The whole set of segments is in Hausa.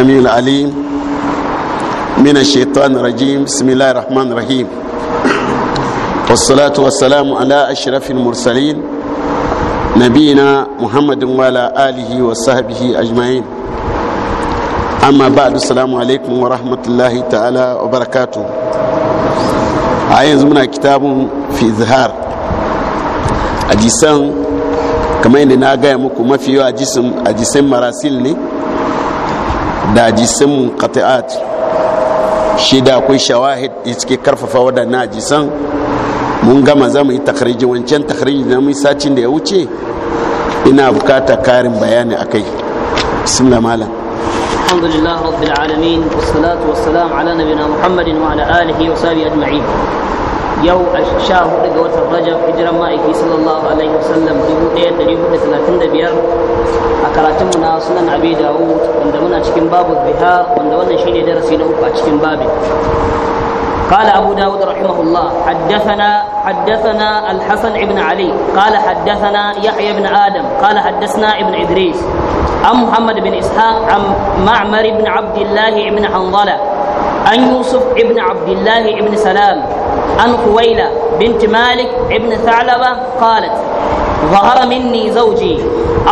السميع العليم من الشيطان الرجيم بسم الله الرحمن الرحيم والصلاة والسلام على أشرف المرسلين نبينا محمد وعلى آله وصحبه أجمعين أما بعد السلام عليكم ورحمة الله تعالى وبركاته عايز منا كتاب في إظهار أجسام كما إننا قايمكم ما فيه أجسام أجسام مراسل لي da ajisan qati'at shi da akwai shawahid ya suke karfafa waɗannan ajisan mun gama za mu yi takhriji wancan takhriji na mu sacin da ya wuce ina bukata karin bayani akai bismillah malam الحمد لله رب العالمين والصلاة والسلام على نبينا محمد وعلى آله وصحبه أجمعين yau a sha hudu ga watan rajab hijiran ma'aiki sallallahu alaihi wasallam dubu ɗaya da dubu da talatin da biyar a karatunmu na sunan abi dawud wanda muna cikin babu biha wanda wannan shine darasi na uku a cikin babin قال أبو داود رحمه الله حدثنا حدثنا الحسن بن علي قال حدثنا يحيى بن آدم قال حدثنا ابن إدريس عن محمد بن إسحاق عن معمر بن عبد الله بن حنظلة عن يوسف ابن عبد الله ابن سلام عن خويلة بنت مالك ابن ثعلبة قالت ظهر مني زوجي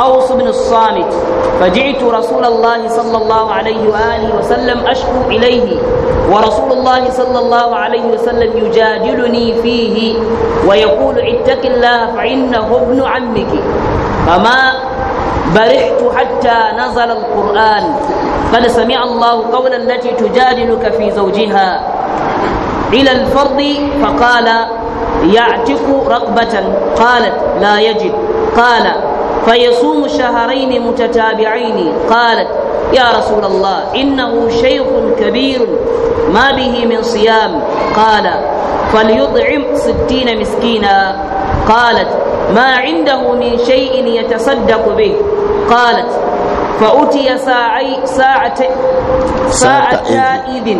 أوس بن الصامت فجئت رسول الله صلى الله عليه وآله وسلم أشكو إليه ورسول الله صلى الله عليه وسلم يجادلني فيه ويقول اتق الله فإنه ابن عمك فما برحت حتى نزل القرآن قد سمع الله قولا التي تجادلك في زوجها إلى الفرض فقال يعتق رقبة قالت لا يجد قال فيصوم شهرين متتابعين قالت يا رسول الله إنه شيخ كبير ما به من صيام قال فليطعم ستين مسكينا قالت ما عنده من شيء يتصدق به قالت فأتي ساعي ساعة ساعة إذ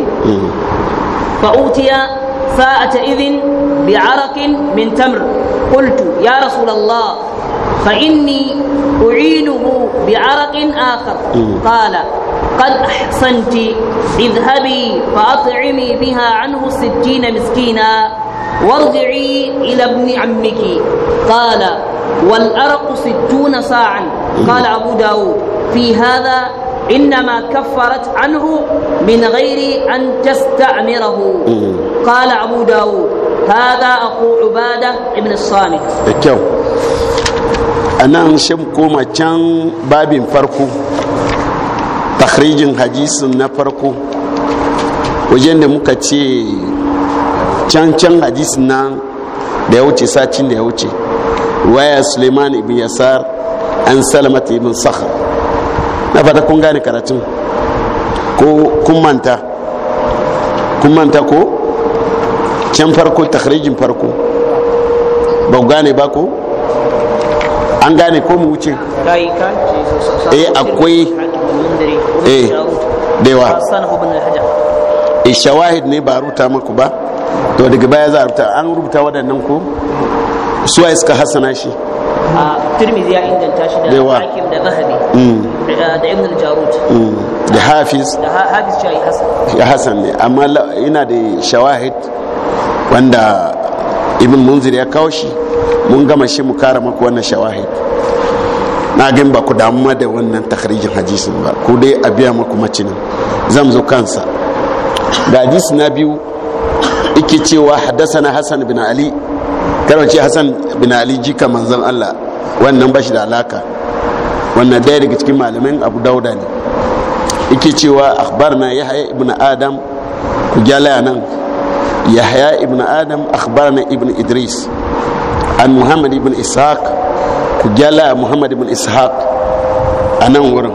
فأتي ساعة إذ بعرق من تمر قلت يا رسول الله فإني أعينه بعرق آخر قال قد أحسنت اذهبي فأطعمي بها عنه ستين مسكينا وارجعي إلى ابن عمك قال والأرق ستون ساعا قال أبو داود في هذا إنما كفرت عنه من غير أن تستعمره قال أبو داود هذا أخو عبادة ابن الصامت كيو أنا شمكو ما كان باب فرقو تخريج حديث نفرقو وجند مكتي كان كان حديثنا can hadisin nan da ya wuce sacin da ya wuce waya suleiman ibn yasar an salamata ibn sakhar na fata kun gane karatun ko kun manta kun manta ko can farko takarijin farko ba ku gane ba ko an gane ko mu wuce eh akwai eh dewa eh shawahid ne ba ruta maku ba to daga baya za a rubuta an rubuta waɗannan ko suwa suka hassana shi a turmizi ya inganta shi da hakim da zahabi da ibn al da hafiz da hafiz shayi hasan ya hasan ne amma ina da shawahid wanda ibn munzir ya kawo shi mun gama shi mu kara maku wannan shawahid na gan ba ku ma da wannan takharijin hadisin ba ku dai a biya maku macinin zan zo kansa ga hadisi na biyu yake cewa hadasana hasan bin ali karwace hasan bin ali jika manzon allah wannan bashi da alaka wannan daya daga cikin malamin abu dauda ne yake cewa ya haya ibn adam ku gyalaya nan haya ibn adam na ibn idris an muhammad ibn ishaq ku gyalaya muhammad ibn ishaq a nan wurin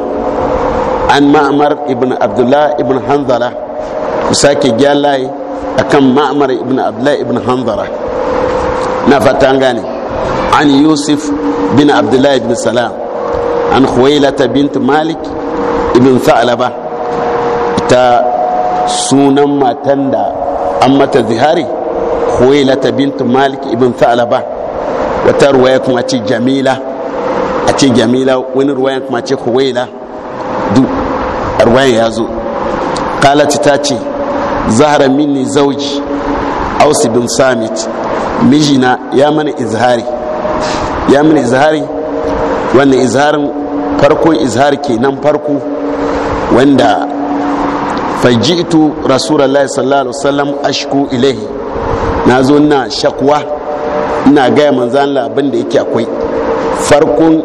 an ma'amar ibn abdullah ibn hanzara ku sake gyalaye kan ma'amar ibn abdullah ibn hanzara na fata gane an yusuf bin abdullah ibn salam an khuwailata bint malik ibn sa'laba ta sunan matan da an mata zihari khuwailata bint malik ibn sa'laba wata ruwaya kuma ce jamila a ce jamila wani ruwaya kuma ce khuwaila duk ruwayan ya zo kalati ta ce zahara minni zauji ausi bin samit mijina ya mana izhari ya mana izhari wannan izharin farko izhar kenan farko wanda fajitu rasulallah sallallahu alaihi wasallam ashku ilaihi na zo na shakwa ina gaya manzan abin da yake akwai farkon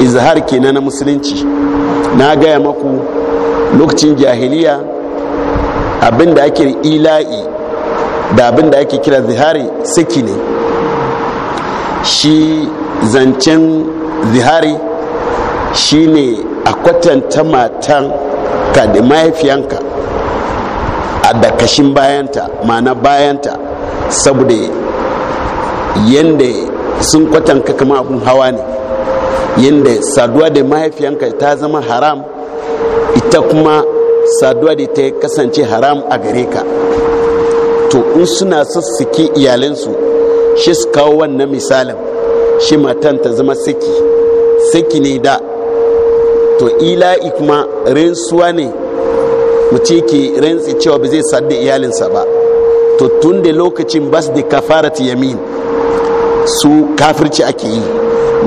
izhar kenan na musulunci na gaya maku lokacin jahiliya abin da ake ila'i da abin da ake kira zihari saki ne shi zancen zihari shine a kwatanta matan ka da mahaifiyanka a dakashin bayanta ma'ana bayanta saboda yadda sun kwatanka kama abun hawa ne yadda saduwa da mahaifiyanka ta zama haram ita kuma saduwa da ta kasance haram a gare ka to in suna sassaki iyalinsu shi su kawo wannan misalin shi matan ta zama saki saki ne da to ila'i kuma rensuwa ne mu ce ke rinsu cewa ba zai sadda iyalinsa ba to tun da lokacin bas da kafarat yamin su kafirci ake yi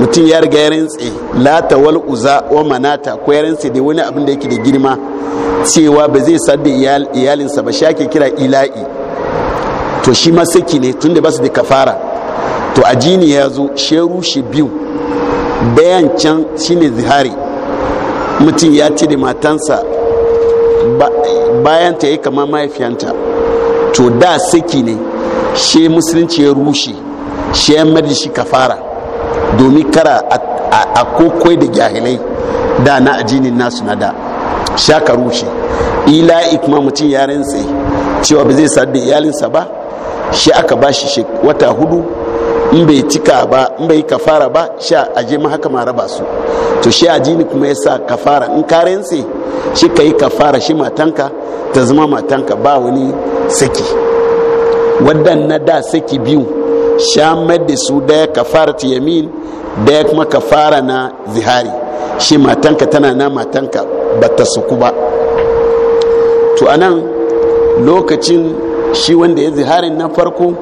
mutum ya riga ya rantsi lata wal uza wa manata ko ya da wani abin da yake da girma cewa ba zai sadda iyalinsa ba shi ake kira ila'i to shi ma saki ne tun da bas da kafara to ajini ya zo sheru shi biyu bayan can shine zihari mutum ya cire matansa bayan ta yi kama mahaifiyanta to da saki ne she musulunci ya rushe she ya madi shi kafara domin kara a kokoi da jahilai da na ajinin nasu na da shaka rushe ila ikma mutum ya rantse cewa ba zai sadu da iyalinsa ba shi aka ba bashi wata hudu in bai cika ba in bai kafara ba sha aje ma raba su to shi jini kuma yasa kafara in ka rense shi ka yi kafara shi matanka ta zama matanka ba wani saki waɗannan da saki biyu shamar da su daya kafara ta yamin daya kuma kafara na zihari shi matanka tana na matanka ba ta suku ba to anan lokacin shi wanda ya ziharin na farko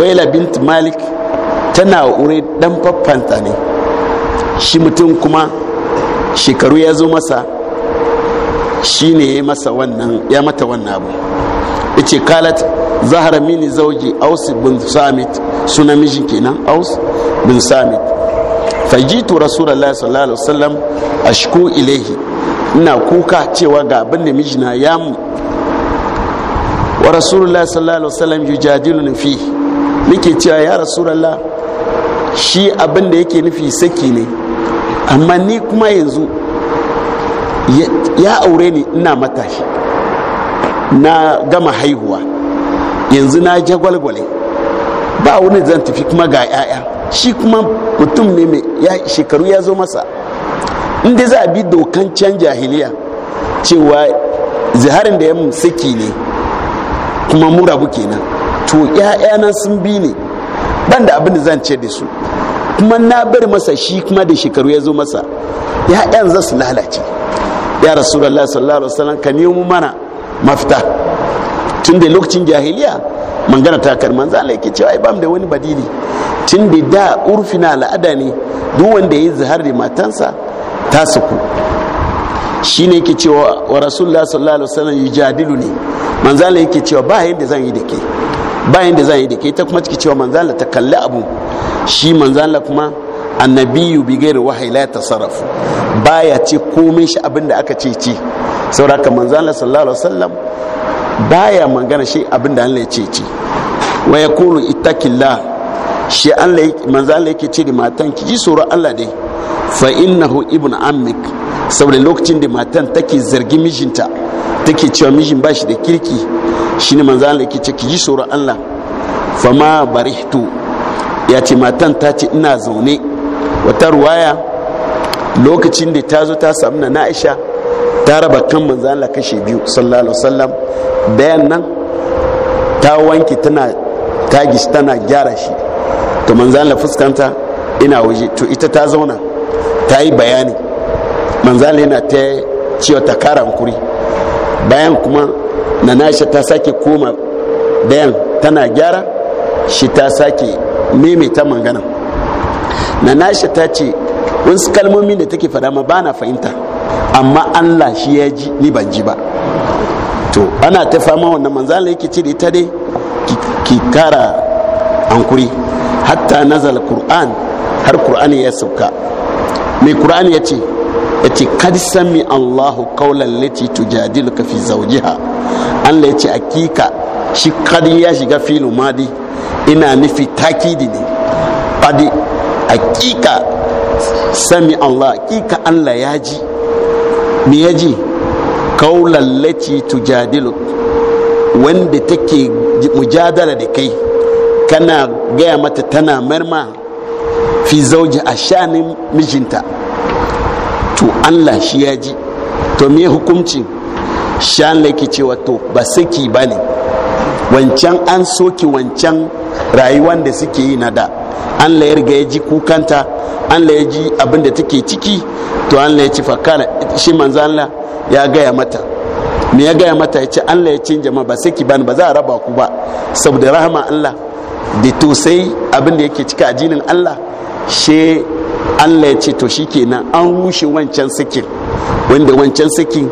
waila bint malik tana wuri dan faffanta ne shi mutum kuma shekaru ya zo masa shi ne ya masa wannan ya mata wannan abu ce kalat zahara mini zauji aus bin samit suna mijin kenan aus bin samit fajitu rasulallah sallallahu alaihi wasallam ashku ilaihi ina kuka cewa ga abin da mijina ya mu wa rasulullahi sallallahu alaihi wasallam yujadiluni fihi nake cewa ya rasulallah shi abin da yake nufi saki ne amma ni kuma yanzu ya aure ni ina matashi na gama haihuwa yanzu na je gwalgwale ba wani zan tafi kuma ga 'ya'ya shi kuma mutum ne mai shekaru ya zo masa inda za a bi dokan can jahiliya cewa ziharin da ya saki ne kuma murabu kenan to nan sun bi ne ban da abin da zan ce da su kuma na bar masa shi kuma da shekaru ya zo masa ‘ya’yan za su lalace ya rasulullahi sallallahu alaihi wasallam ka nemo mana mafita tun da lokacin jahiliya mangana ta karman manzo Allah yake cewa ba mu da wani badili tun da da urfina al'ada ne duk wanda ya yi zahar da matansa ta suku ne yake cewa wa rasulullahi sallallahu alaihi wasallam yujadilu ne manzala yake cewa ba yadda zan yi da ke bayan da zan yi da ke ta kuma ciki cewa manzala ta kalli abu shi manzala kuma annabiyu bi gairi wahayi la ba baya ce komai shi abin da aka ce ce saboda manzala sallallahu alaihi wasallam baya magana shi abin da Allah ya ce ce wa yaqulu ittaqillah shi Allah manzala yake ce da matan ki ji tsoro Allah dai fa innahu ibnu ammik saboda lokacin da matan take zargi mijinta take cewa mijin ba shi da kirki shine manzo Allah yake ce ki ji tsoron Allah fama barihtu ya ce matan ta ce ina zaune wata ruwaya lokacin da ta zo ta samu na Aisha ta raba kan manzo Allah kashe biyu sallallahu alaihi wasallam dayan nan ta wanke tana tagis tana gyara shi to manzo Allah fuskanta ina waje to ita ta zauna ta yi bayani manzo Allah yana ta cewa ta kara hankuri bayan kuma na nashi ta sake koma dayan tana gyara shi ta sake maimaita mangana na nashi ta ce wasu kalmomi da take fada ma ba na fahimta amma allah shi ya ji ni ban ji ba to ana ta fama wannan manzala yake ce da ita dai ki kara ankuri hatta nazal qur'an har qur'ani ya sauka mai qur'ani ya ce yace kad sami Allahu qawlan lati tujadiluka fi zawjiha Allah yace hakika shi kad ya shiga filu madi ina nufi takidi ne fadi hakika sami Allah hakika Allah ya ji me ya ji qawlan lati tujadiluka wanda take mujadala da kai kana gaya mata tana marma fi zauji a shanin mijinta to allah shi ya ji to me hukuncin shan laiki cewa to ba saki ba ne wancan an soki wancan rayuwan da suke yi na da an ya riga ya ji kukanta an ya ji abin da take ciki to an ya ci fakara shi manzo Allah ya gaya mata me ya gaya mata ya ce Allah ya canja ma ba saki ba ba za a raba ku ba saboda rahama Allah da to sai abin da yake cika ajinin Allah she allah ya ce to shikenan an rushe wancan sikin wanda wancan sikin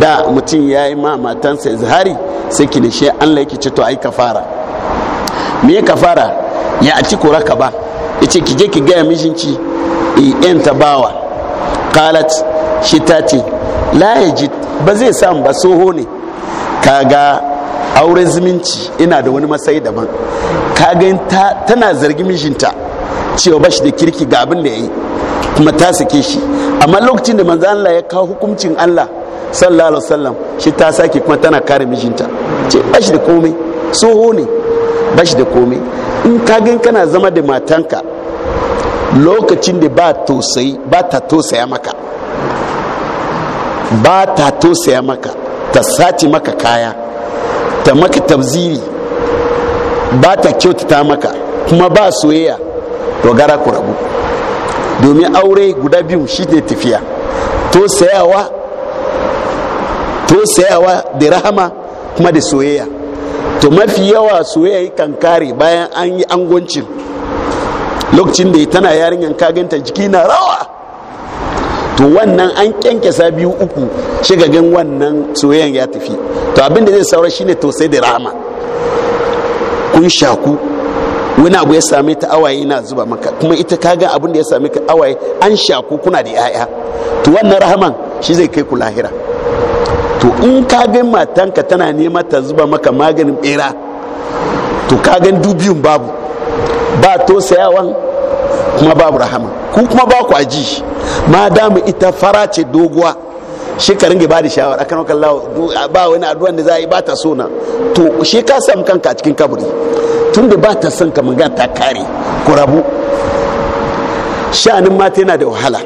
da mutum ya yi ma matansa zahari sikin shi allah yake ce to ai kafara me ya kafara ya a ci ka ba ya ce ki je ki gaya mijinci in ta bawa kalat shi ta ce la ba zai samu ba soho ne kaga auren zumunci ina da wani matsayi daban kaga tana zargi mijinta cewa ba shi da kirki ga abin da ya yi kuma ta sake shi amma lokacin da manzo Allah ya kawo hukuncin Allah sallallahu alaihi wasallam shi ta sake kuma tana kare mijinta ce bashi da komai soho ne bashi da komai in ka gan kana zama da matanka lokacin da ba tausayi ba ta tosaya maka ba ta tosaya maka ta sace maka kaya ta maka tabziri ba ta kyautata maka kuma ba soyayya to gara ku rabu domin aure guda biyu shi ne tafiya to sayawa to sayawa da rahama kuma da soyayya to mafi yawa soyayya kan kare bayan an yi angoncin lokacin da tana yarinyar kaganta jiki na rawa to wannan an kyankyasa biyu uku shigagen wannan soyayya ya tafi to abin da zai saura shine to sai da rahama kun shaku wani abu ya same ta awaye na zuba maka kuma ita kaga abin da ya same ka awaye an shaku kuna da yaya to wannan rahaman shi zai kai ku lahira to in ka ga matanka tana nema ta zuba maka maganin bera to ka ga dubiyun babu ba to sayawan kuma babu rahama ku kuma ba ku aji ma ita fara ce doguwa shi ka ringe ba da shawara akan wakan lawa ba wani addu'an da za a yi ba ta na to shi ka samu kanka a cikin kaburi tun da ba ta son ka magana ta kare ko rabu sha'anin mata yana da wahala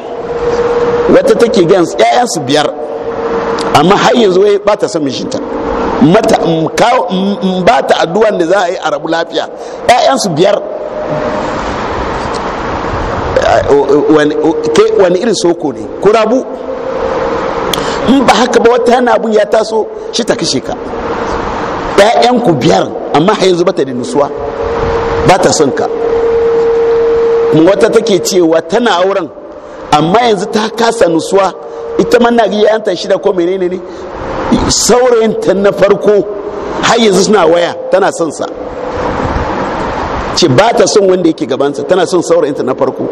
wata take gan su biyar amma har yanzu wai ba ta son mijinta mata ba ta addu'an da za a yi a rabu lafiya su biyar wani irin soko ne ko rabu in ba haka ba wata hana abun ya taso shi ta kashe ka ku biyar amma har yanzu bata da nusuwa ba ta son ka wata take cewa tana auren amma yanzu ta kasa nusuwa ita ma na ya ta shida ko menene ne saurayin ta na farko har yanzu suna waya tana son sa ce ba ta son wanda yake gabansa tana son saurayin ta na farko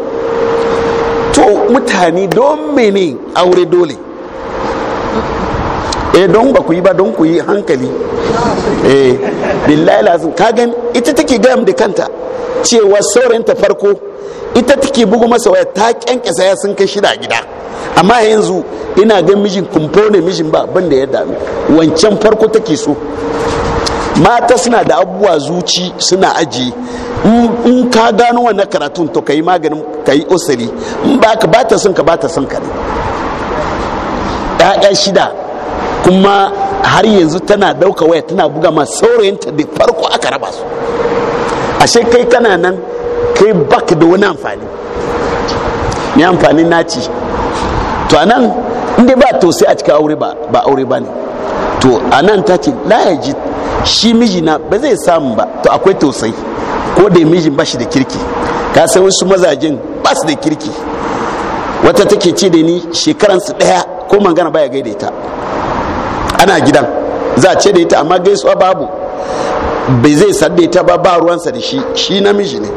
to mutane don mene aure dole eh don ba ku yi ba don ku yi hankali eh billahi lazim gan ita take gayam da kanta cewa saurayinta farko ita take bugu masa waya ta kyankyasa ya sun kai shida gida amma yanzu ina ga mijin kumfo ne mijin ba ban da ya dami wancan farko take so mata suna da abubuwa zuci suna aji, in ka gano wannan karatun to ka maganin ka yi osiri in ba ka bata son ka bata ne ya'ya shida kuma har yanzu tana dauka waya tana buga ma saurayinta da farko aka raba su ashe kai kana nan kai bak da wani amfani ni amfani naci to anan inda ba to sai a cikin aure ba ba aure ba ne to anan ta ce layaji shi mijina ba zai samu ba to akwai tausayi ko da mijin ba shi da kirki ka san wasu mazajen ba su da kirki wata take ce da ni shekaransu ɗaya ko magana baya gaida ita ana gidan za a ce da ita amma gaisuwa babu bai zai sadda ita ba ba ruwansa da shi shi namiji ne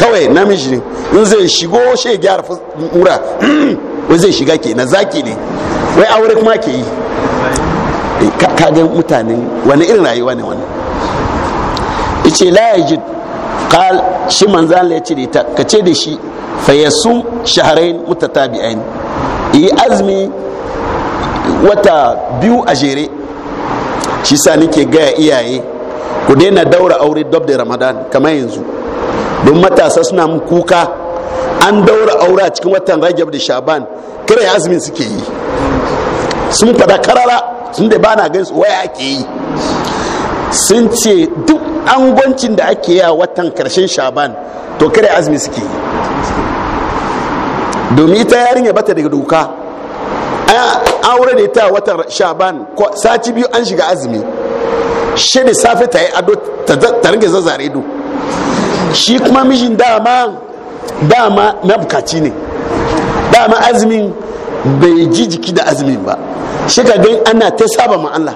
kawai namiji ne in zai shigo shi ya gyara mura wai zai shiga ke na zaki ne wai aure kuma ke yi eh, kaga mutanen wani irin rayuwa ne wani ice la yajid qal shi manzan ya ce da ka ce da shi fa yasum shahrain mutatabi'ain yi azmi wata biyu a jere shi sa nake gaya iyaye ku daina daura aure dab da ramadan kamar yanzu don matasa suna kuka an daura aure a cikin watan rajab da shaban kare azumin suke yi sun fada karara sun da bana gaisu waya ake yi sun ce duk angoncin da ake yi a watan karshen shaban to kare azumin suke yi domin ita yarinya bata daga doka aure da ta watan shaban ko sati biyu an shiga azumi shi da safe ta yi ado ta rinke zazzare ido shi kuma mijin dama dama na bukaci ne dama azumin bai ji jiki da azumin ba shi ka gan ana ta saba ma Allah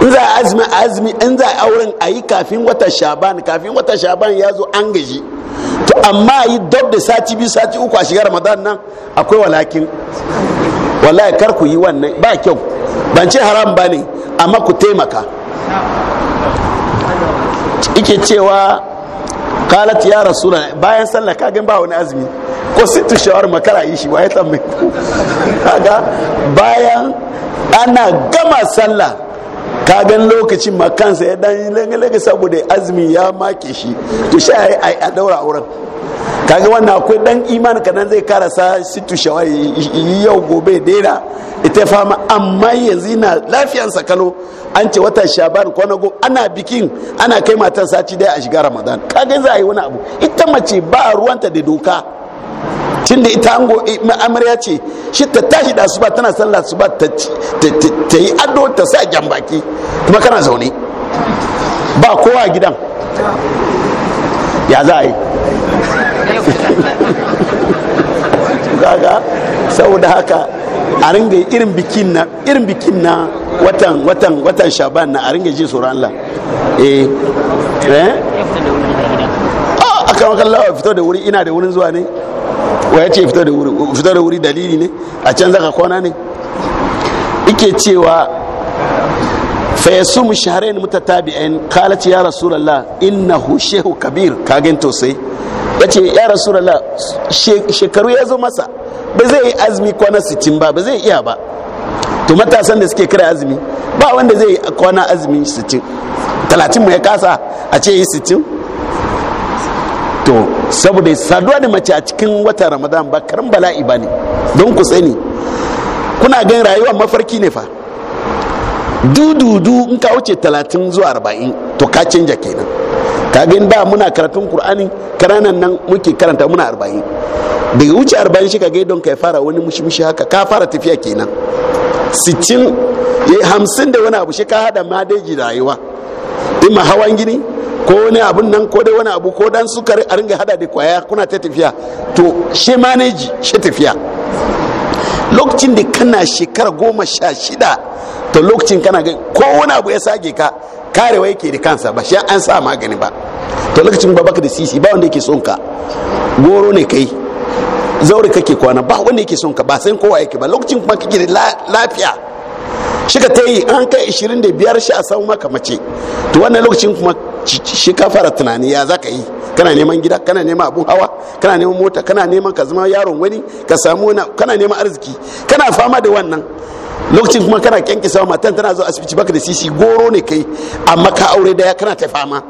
in za a azumi a azumi in za a auren a yi kafin wata shaban kafin wata shaban ya zo an gaji to amma yi dab da sati biyu sati uku a shiga ramadan nan akwai walakin wallahi kar ku yi wannan ba kyau ban ce haram ba ne amma ku taimaka ike cewa kalat ya rasu rasula bayan sallah ka gan ba wani azumi ko tu shawar makara yi shi waye tambayi kaga bayan ana gama sallah ka gan lokacin makansa ya dan yi saboda azumi ya make shi to sha a daura auren kaga wannan akwai dan imani kanan zai karasa situ shawai yau gobe daina ita fama amma yanzu na lafiyan sakalo an ce watan shaban kwanago ana bikin ana kai matan sati dai a shiga ramadan kaga za a yi wani abu ita mace ba ruwanta da doka tun da ita ango amarya ce shi ta tashi da su ba tana su ba ta yi ado ta sa jambaki kuma kana zaune ba kowa gidan ya za a yi kaga saboda haka a ringa irin bikin na irin bikin na watan watan watan shaban na a ringa ji tsoron Allah eh eh ah, a kan Allah fito da wuri ina da wurin zuwa ne wa ya ce fito da wuri fito da wuri dalili ne a can zaka kwana ne yake cewa fa yasum shahrain mutatabi'ain qalat ya rasulullah innahu shehu kabir kagen to sai ya ce ya rasulallah shekaru ya zo masa ba zai yi azumi kwana 60 ba ba zai iya ba to matasan da suke kira azumi ba wanda zai yi kwana azumi 60 talatin ya kasa a ce yi 60 to saboda saduwa da mace a cikin watan ramadan ba karin bala'i ba ne don ku sani kuna gan rayuwa mafarki ne fa dududu in ka wuce talatin zuwa arba'in to ka canja kenan in da muna karatun kur'ani karanan nan muke karanta muna arba'in daga wuce arba'in shi kage don kai fara wani mushi haka ka fara tafiya kenan sittin eh, hamsin da wani abu shi ka hada madeji rayuwa in ma hawan gini ko wani abun nan ko dai wani abu ko dan sukari a ringa hada da kwaya kuna ta tafiya to shi maneji shi tafiya lokacin da kana shekara goma sha shida to lokacin kana ga ko wani abu ya sage ka karewa yake da kansa ba shi an sa magani ba to lokacin ba baka da sisi ba wanda yake son ka goro ne kai zaure kake kwana ba wanda yake son ka ba sai kowa yake ba lokacin kuma kake da lafiya shi ka ta yi an kai 25 shi a san maka mace to wannan lokacin kuma shi ka fara tunani ya za ka yi kana neman gida kana neman abun hawa kana neman mota kana neman ka zama yaron wani ka samu kana neman arziki kana fama da wannan lokacin kuma kana kyankisa matan tana zuwa asibiti baka da sisi goro ne kai amma ka aure daya kana ta fama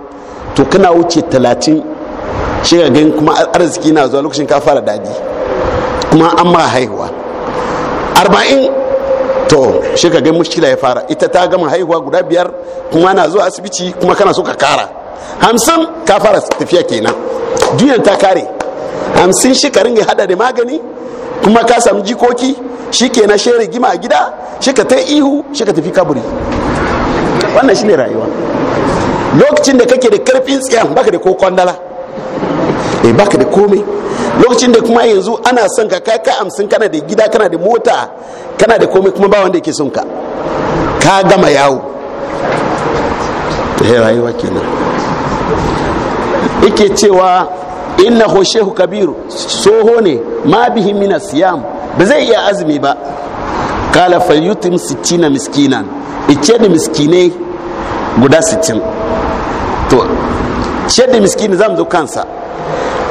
to kana wuce talatin shi ga kuma arziki na zuwa lokacin ka fara dadi kuma an ma haihuwa arba'in to shi ka gan mushkila ya fara ita ta gama haihuwa guda biyar kuma na zuwa asibiti kuma kana so ka kara hamsin ka fara tafiya kenan duniyan ta kare hamsin shi ka ringa hada da magani kuma ka samu jikoki shi ke na shere gima a gida shi ka ta ihu shi ka tafi kaburi wannan shi ne rayuwa lokacin da kake da karfin tsayan baka da ko kwandala e baka da komai lokacin da kuma yanzu ana son ka kai ka amsin kana da gida kana da mota kana da komai kuma ba wanda yake son ka ka gama yawo ta rayuwa kenan yake cewa innahu shehu kabiru soho ne ma bihi mina siyam ba zai iya azumi ba kala falyutim sittina miskinan ice da miskinai guda sittin to ce da miskini zan zo kansa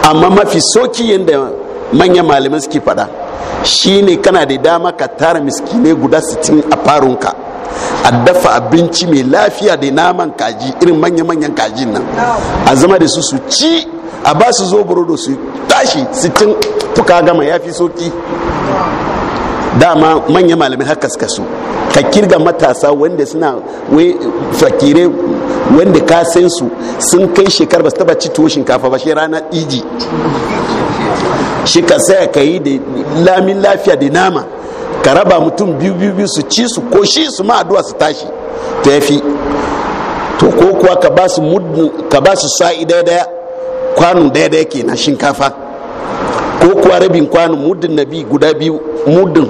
amma mafi soki yadda manyan malaman suke faɗa shine kana da dama ka tara miskinai guda sitin a farunka a dafa abinci mai lafiya da naman kaji irin manya-manyan kajin nan a zama da su su ci a ba su zo burodo su tashi sittin tuka gama ya fi soki dama manya malamai haka suka so ka kirga matasa wanda suna fakire wanda ka san su sun kai shekar ba su taba ci tuwo shinkafa ba shi rana iji shi ka saya ka yi da lamin lafiya da nama ka raba mutum biyu biyu biyu su ci su koshi su ma addu'a su tashi ta yafi to ko kuwa ka ba su sa'i daya daya kwanon daya daya ke na shinkafa ko kuwa rabin kwanon muddin nabi guda biyu muddin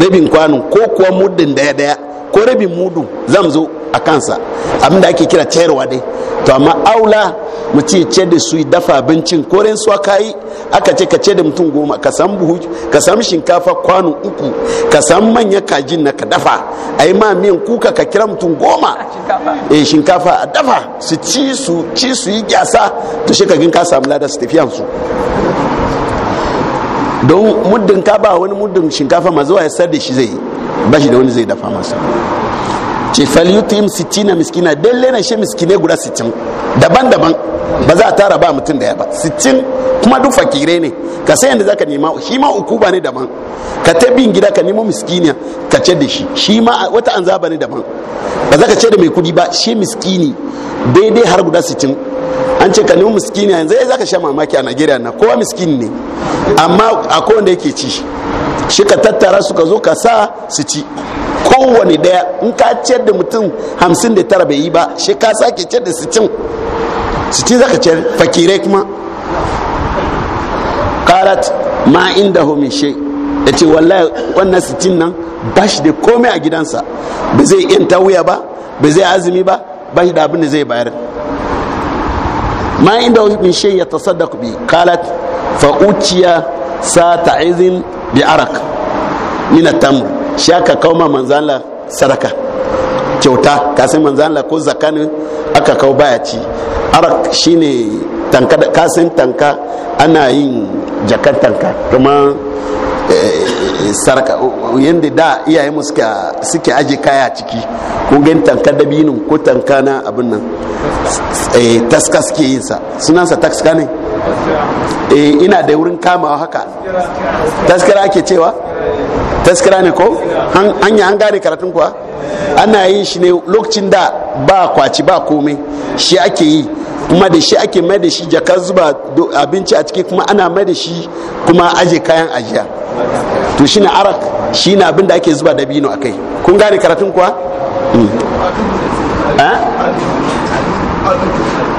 rabin kwanon ko kuwa muddin daya daya ko rabin mudu zan zo a kansa abinda ake kira ciyarwa dai to amma aula mu ce ce da su dafa abincin koren su aka yi aka ce ka ce da mutum goma ka san buhu ka san shinkafa kwano uku ka san manya kajin na ka dafa ai ma min kuka ka kira mutum goma eh shinkafa a dafa su ci su ci su yi gyasa to shi ka gin ka samu lada su tafiyan su don muddin ka ba wani muddin shinkafa ma zuwa ya sar da shi zai yi bashi da wani zai dafa masa ce falyutim na miskina dalle na shi miskine guda sittin daban-daban ba za a tara ba mutum daya ba sittin kuma duk fakire ne ka sai yadda zaka nema shi ma ba ne daban ka ta bin gida ka nemo miskiniya ka ce da shi shi ma wata an zaba ne daban ba za ka ce da mai kudi ba shi miskini daidai har guda sittin an ce kalmi miskini yanzu ya eh, zaka sha mamaki a Najeriya na kowa miskini ne amma akwai wanda yake ci shi ka tattara suka zo ka sa su ci kowane daya in ka ciyar da mutum hamsin da tara bai yi ba shi ka sake ciyar da su su ci zaka ciyar fakirai kuma karat ma inda homin shi ya ce wallahi wannan sittin nan ba shi da komai a gidansa ba zai yanta wuya ba ba zai azumi ba ba shi da abin da zai bayar ma inda hu min shay yatasaddaq bi qalat fa utiya sata izin bi arak min atam shi aka kawo ma manzala sadaka kyauta kasan manzala ko zakanin aka kawo baya ci arak shine tanka kasan tanka ana yin jakar tanka kuma Eh, sarka yadda da iyayen mu suke aje kaya ciki ko gani tanka dabinin ko tanka na abin nan eh, taska suke yin sa sunansa taska ne eh, ina da wurin kamawa haka taskara ake cewa taskara ne ko hanya an gane karatun kuwa ana yin shi ne lokacin da ba kwaci ba komai shi ake yi kuma da shi ake mai da shi jakar zuba abinci a ciki kuma ana mai da shi kuma aje kayan ajiya to ne arak ne abin da ake zuba dabino kai. kun gane karatun kuwa hmm. eh?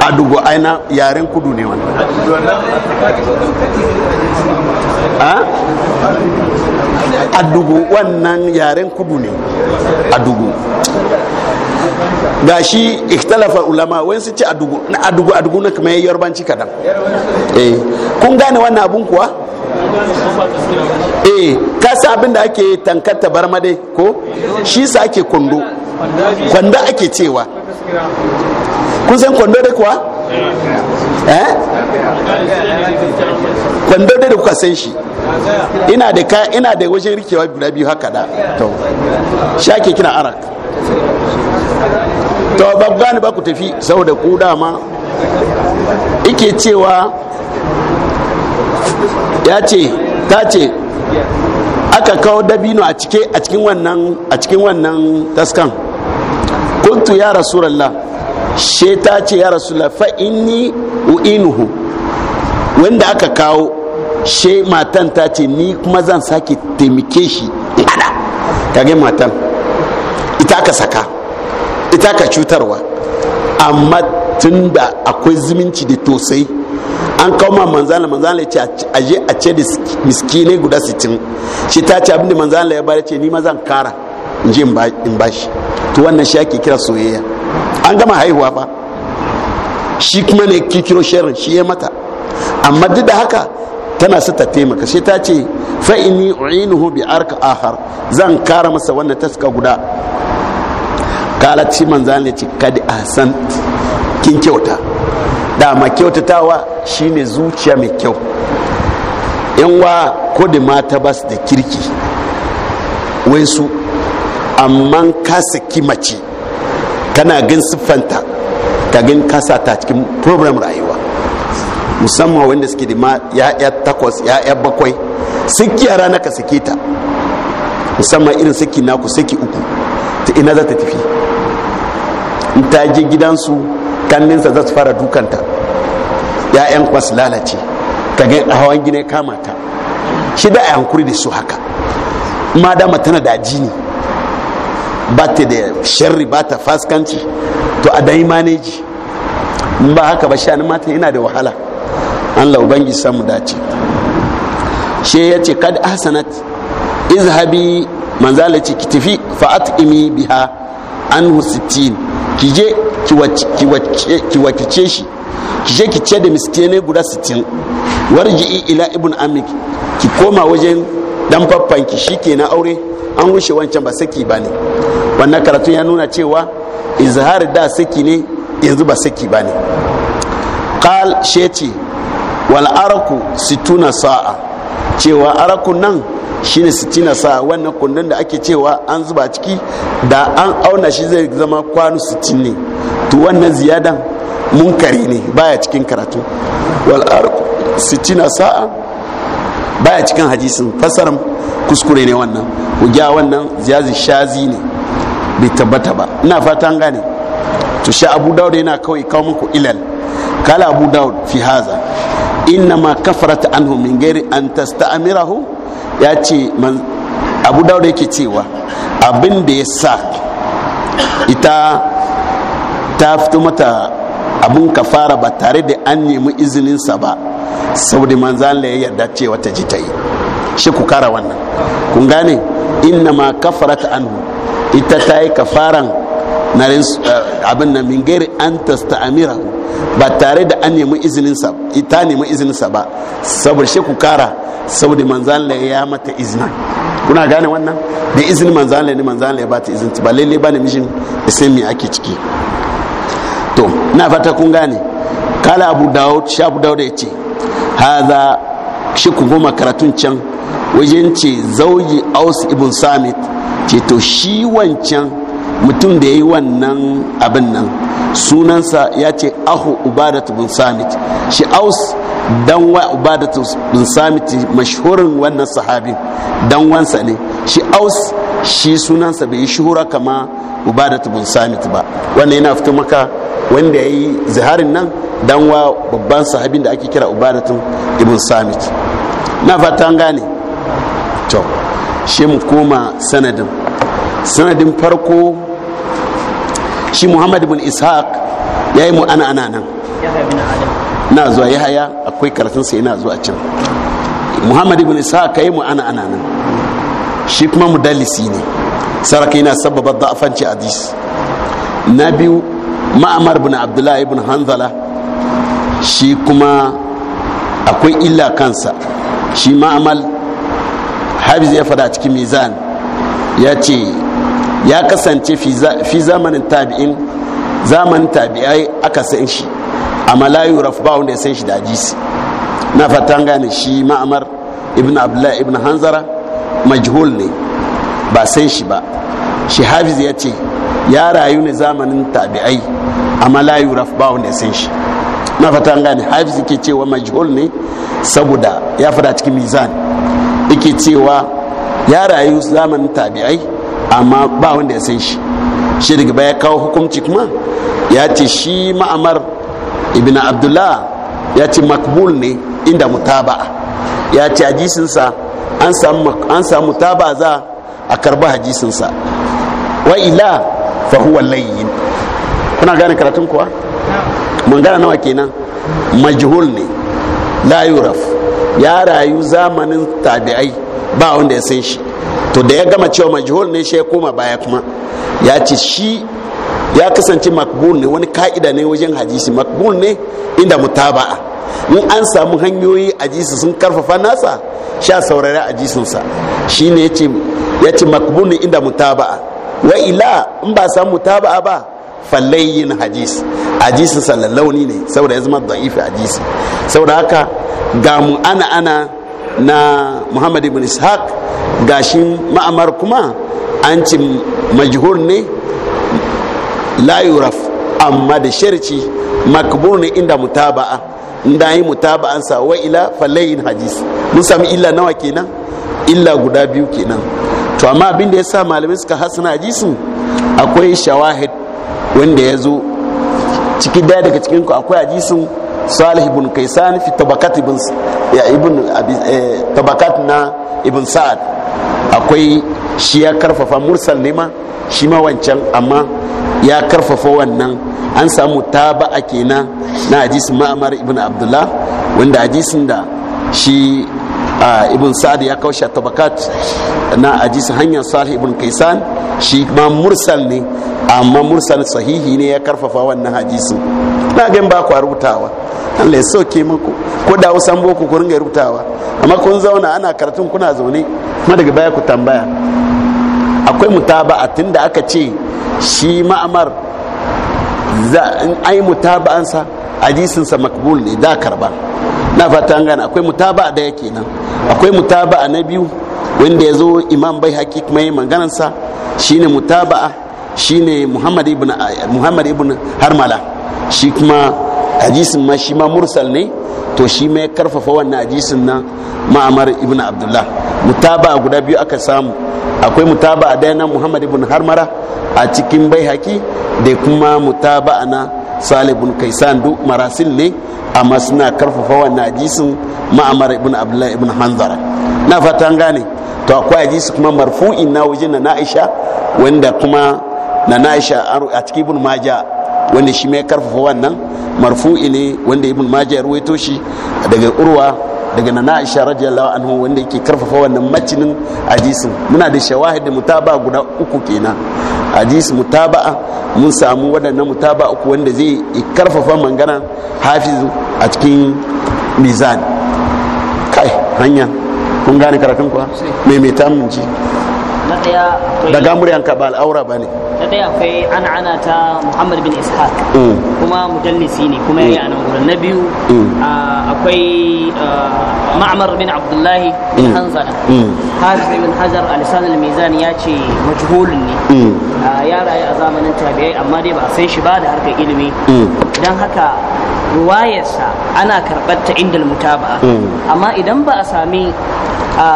adugo aina yaren kudu ne wannan eh? adugo wannan yaren kudu ne adugo ga shi ikhtalafa ulama wani su ce adugo adugo adugo na kuma yarbanci kadan eh kun gane wannan abun kuwa eh ka sa abin da ake tankar tabarma dai ko shi sa ake kundo kwando ake cewa kun san kwando dai kuwa eh kwando dai da kuka san shi ina da ka ina da wajen rikewa guda biyu haka da to shi ake kina arak to babu gane ba ku tafi saboda ku dama ike cewa ya ce ta ce aka kawo dabino a cikin wannan a cikin wannan taskan kuntu ya rasulullah she ta ce ya rasulullah fa inni uinuhu wanda aka kawo she matan ta ce ni kuma zan sake taimake shi ana ta kage matan ita aka saka ita ka cutarwa amma tunda akwai zumunci da tosai an kawo ma manzana manzala ce a je a ce da miskinai guda 60 shi ta ce abinda manzana ya bari ce ni ma zan kara in je in bashi to wannan shi ake kira soyayya an gama haihuwa fa shi kuma ne kikiro sharon shi ya mata amma duk da haka tana su ta taimaka sai ta ce fa inni u'inuhu bi arka ahar zan kara masa wannan taska guda kala ci manzan ne ce kadi ahsan kin kyauta dama kyautatawa shine zuciya mai kyau yan wa ko da mata ba su da kirki su amma ka saki mace kana gan siffanta ka gan kasa ta cikin program rayuwa musamman wanda suke da ya'ya takwas ya'ya bakwai saki a rana ka sake ta musamman irin saki naku saki uku ta ina za ta tafi in ta je gidansu kanninsa za su fara dukanta ya'yan kwas lalace lalace kaga hawan gine kama ta shi da a kuri da su haka ma dama tana da jini ba ta da sharri ba ta faskanci to a dai maneji ba haka ba shani mata yana da wahala allah ubangi samu dace she ya ce kad asanat izhabi manzala ce ki tafi fa at'imi biha an ki je ki wakilce shi ki je ki ce da ne guda 60 warji ila ibn amik ki koma wajen dan faffan ki shikenan aure an rushe wancan ba saki ba ne wannan karatun ya nuna cewa izhar da saki ne yanzu ba saki ba ne qal sheti wal araku situna sa'a cewa arakun nan shine sitina sa wannan kundin da ake cewa an zuba ciki da an auna shi zai zama kwano 60 ne to wannan ziyadan munkari ne baya cikin karatu wal sitina sa'a baya cikin hadisin fasarin kuskure ne wannan Ku ja wannan ziyazi shazi ne bai tabbata ba ina fatan gane to sha abu daud yana kawai kawo muku ilal kala abu daud fi haza inna ma kafarat anhu min gairi an tasta'mirahu ya ce man abu daud yake cewa abin da ya sa ita ta fito mata abun fara ba tare da an nemi izininsa ba saboda manzan ya yarda cewa ta ji ta yi shi ku kara wannan kun gane inna ma kafara ta anhu ita ta yi kafaran na eh, abin na min gairi an tasta amira ba tare da an nemi izininsa ita nemi izininsa ba saboda shi ku kara saboda manzan ya mata izinin kuna gane wannan da izinin manzan ne manzan ya ba ta izinin ba lalle ba ne mishin isin mai ake ciki to na fata kun gane kala abu dawud shi abu dawud ya ce haza shi ku goma karatun can wajen ce zauji aus ibn samit ce to shi wancan mutum da ya yi wannan abin nan sunansa ya ce ahu ubadat bin samit shi aus dan wa ubadat bin samit mashhurin wannan sahabi dan wansa ne shi aus shi sunansa bai yi shuhura kama ubadat bin samit ba wannan yana fito maka wanda ya yi ziharin nan dan wa babban sahabin da ake kira ubanatun ibn samit na fatan gane to shi mu koma sanadin sanadin farko shi muhammad bin ishaq ya yi mu ana ana nan na zuwa ya haya akwai sai na zuwa can muhammad bin ishaq ya yi mu ana ana nan shi kuma mudallisi ne sarakai na sababa da'afanci hadis na biyu ma'amar bin abdullahi bin hanzala shi kuma akwai illa kansa shi ma'amal hafiz ya fada cikin mizan ya ce ya kasance fi zamanin tabi'in zamanin tabi'ai aka san shi amma malayu yuraf ba wanda ya san shi da hadisi na fatan gane shi ma'amar ibn abdullahi ibn hanzara majhul ne ba san shi ba shi hafiz ya ce ya rayu ne zamanin tabi'ai amma la yuraf ba wanda san shi na fata an gane hafiz yake cewa majhul ne saboda ya fada cikin mizan yake cewa ya rayu zamanin tabi'ai amma ba wanda ya san shi shi daga baya kawo hukunci kuma ya ce shi ma'amar ibn abdullah ya ce makbul ne inda mutaba'a ya ce hadisinsa an samu mutaba'a za a karba hadisinsa wa ila fa huwa layyin kuna gane karatun kuwa Mun gana nawa kenan majhul ne la yuraf ya rayu zamanin tabi'ai ba wanda ya san shi to da ya gama cewa majhul ne shi ya koma baya kuma ya ce shi ya kasance makbul ne wani ka'ida ne wajen hadisi makbul ne inda mutaba'a in an samu hanyoyi ajisi sun karfafa nasa sha saurari ajisinsa shi ne ya ce makbul ne inda mutaba'a wa ila in ba samu taba'a ba fallayin hadis hadisin sallallauni ne saboda ya zama da'ifi hadisi saboda haka ga mu ana ana na muhammad ibn ishaq gashin ma'amar kuma an ci majhur ne la yuraf amma da sharci makbul ne inda mutaba'a inda yi mutaba'ansa wa ila fallayin hadis mun sami illa nawa kenan illa guda biyu kenan to amma abin da ya sa malamai suka hasana hadisin akwai shawahid wanda ya zo ciki daya daga cikin ku akwai hadisin salih ibn kaisan fi tabakat ibn eh, na ibn sa'ad akwai shi ya karfafa mursal nema shi ma wancan amma ya karfafa wannan an samu taba a kenan na hadisin ma'amar ibn abdullah wanda hadisin da shi ibn sa'ad ya kawo tabakat na ajis hanyar salih ibn kaisan shi ma mursal ne amma mursal sahihi ne ya karfafa wannan hadisi na gan ba ku rubutawa Allah ya soke muku ko da wasan boko ku ringa rubutawa amma kun zauna ana karatun kuna zaune kuma daga baya ku tambaya akwai mutaba mutaba'atin da aka ce shi ma'amar za an ai mutaba'ansa hadisinsa makbul ne da karba na fatan gana akwai mutaba da yake nan akwai mutaba na biyu wanda ya zo imam bai haƙi kuma yi maganansa shine mutaba'a shine muhammad ibn muhammad ibn harmala shi kuma hadisin ma shi ma mursal ne to shi mai karfafa wannan hadisin na ma'amar ibn abdullah mutaba guda biyu aka samu akwai mutaba'a da na muhammad ibn harmara a cikin bai haƙi da kuma mutaba'a na salibun kai duk marasil ne amma suna karfafa wannan hadisin ma'amar ibn abdullahi ibn hanzara na fatan gane to akwai hadisi kuma marfu'i na wajen na aisha wanda kuma na aisha a cikin ibn maja wanda shi mai karfafa wannan marfu'i ne wanda ibn maja ya ruwaito shi daga urwa daga nana aisha radiyallahu anhu wanda yake karfafa wannan macinin hadisin muna da shawahid da mutaba guda uku kenan hadis mutaba mun samu wadannan mutaba uku wanda zai karfafa mangana hafiz a cikin mizan kai hanya kun gane karatun kuwa maimaita mun ji daga muryanka ba al'aura ba ne na ɗaya akwai an ana ta muhammad bin ishaq mm. kuma mudallisi ne kuma ya a nan gurin na biyu mm. akwai ma'amar bin abdullahi bin mm. hanzala hafiz hajar al-mizan ya ce majhulun ne ya rayu a zamanin tabi'ai amma dai ba a san shi ba da harkar ilimi dan haka ruwayarsa ana karɓar ta inda mutaba hmm. amma idan ba a sami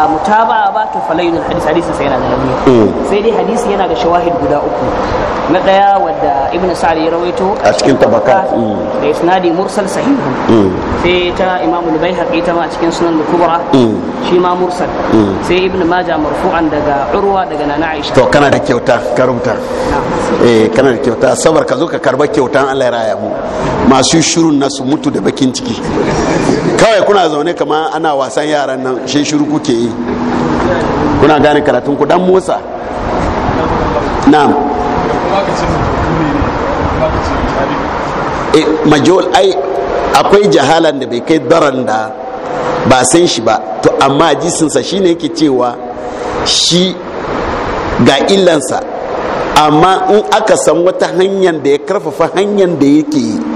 mutaba ba to falayun hadisi hadisi sai yana da rauni hmm. sai dai hadisi yana da shawahid guda uku na daya wadda ibn sa'ad ya rawaito a cikin tabaka hmm. da isnadi mursal sahihun sai ta imamu al-baihaqi ta ma a cikin sunan al-kubra shi ma mursal sai ibn majah marfu'an daga urwa daga nana aisha to kana da kyauta ka eh kana da kyauta sabar ka zo ka karba kyautan Allah ya raya mu masu shurun na su mutu da bakin ciki kawai kuna zaune kama ana wasan yaran nan shi shiru kuke yi kuna gane karatun kudan motsa na'am e majol ai akwai jahalan da bai kai daren da ba san shi ba to amma jisinsa shine yake cewa shi ga illansa amma in aka san wata hanyar da ya karfafa hanyar da yake yi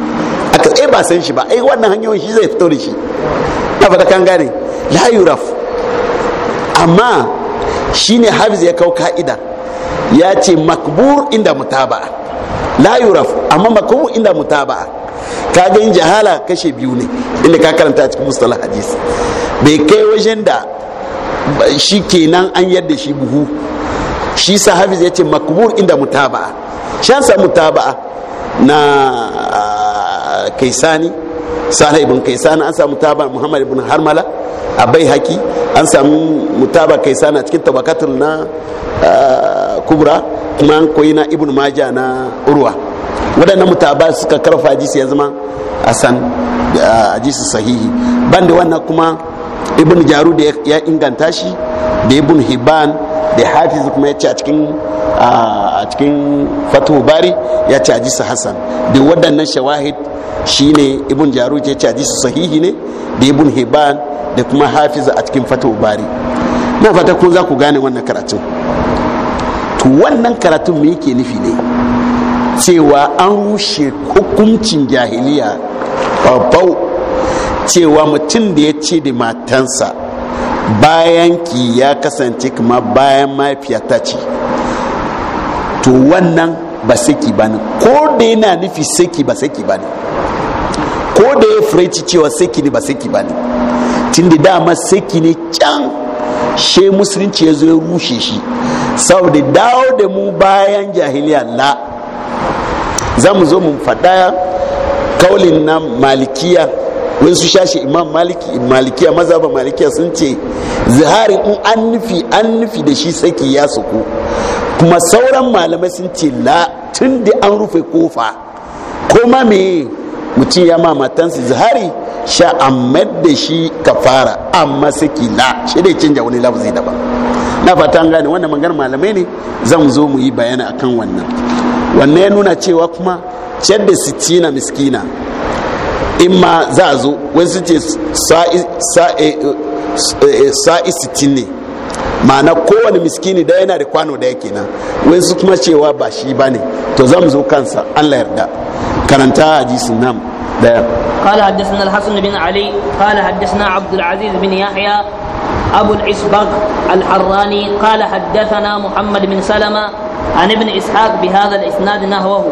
ai ba san shi ba ai wannan hanyoyin shi zai fito da shi na fata kan gane la yuraf amma shine hafiz ya kau ka'ida ya ce makbur inda mutaba la yuraf amma makbur inda mutaba ka ga yin jahala kashe biyu ne inda ka karanta a cikin mustalah hadis bai kai wajen da shi kenan an yadda shi buhu shi sa hafiz ya ce makbur inda mutaba'a shansa mutaba na kaisani sahla ibn kaisani an samu taba muhammad ibn harmala a bai haki an samu mutaba kaisani a cikin tabakatul na kubra kuma an koyi na ibn maja na urwa waɗannan mutaba suka karfa hadisi ya zama a san hadisi sahihi banda wannan kuma ibn jaru da ya inganta shi da ibn hibban da hafiz kuma ya ce a cikin a bari ya ce hadisi hasan da waɗannan shawahid shine ibn jaruj ya ce hadisi sahihi ne da ibn hibban da kuma hafiz a cikin fatuhu bari na fata kun za ku gane wannan karatun to wannan karatun me yake nufi ne cewa an rushe hukuncin jahiliya babau cewa mutum da ya ce da matansa bayan ki ya kasance kuma bayan mafiya ta ce to wannan ba saki ba ne ko da yana nufi saki ba saki ba ne ko da ya furaici cewa saki ne ba saki ba ne tun da dama saki ne can she musulunci ya zo ya rushe shi saboda dawo da mu bayan jahiliya la za mu zo mu faɗa kaulin na malikiya wani su shashi imam maliki malikiya ba malikiya sun ce zihari in an nufi an nufi da shi saki ya suku kuma sauran malamai sun ce la tun da an rufe kofa ko ma me mutum ya ma matansa zihari sha amma da shi kafara amma saki la shi dai canja wani lafzi daban na fata an gane wannan maganar malamai ne zan zo mu yi bayani akan wannan wannan ya nuna cewa kuma cadda sitina miskina in ma za a zo wani ce sa'i eh, eh, ne ma'ana kowane miskini da yana da kwano da yake na wani su kuma cewa ba shi ba ne to za mu zo kansa allah yarda karanta hadisin nan daya قال حدثنا الحسن بن علي قال حدثنا عبد العزيز بن يحيى أبو العسبق الحراني قال حدثنا محمد بن سلمة عن ابن إسحاق بهذا الإسناد نهوه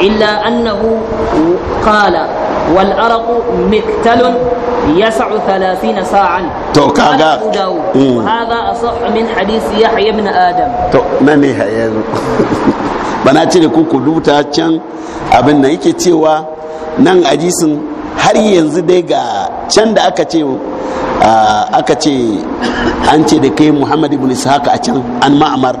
إلا أنه قال والعرق مقتل يسع ثلاثين ساعا تو كاغا هذا أصح من حديث يحيى بن آدم تو نني هيا bana ce da ku ku can abin nan yake cewa nan ajisin har yanzu dai ga can da aka ce aka ce an ce da kai muhammad ibn ishaq a can an ma'amar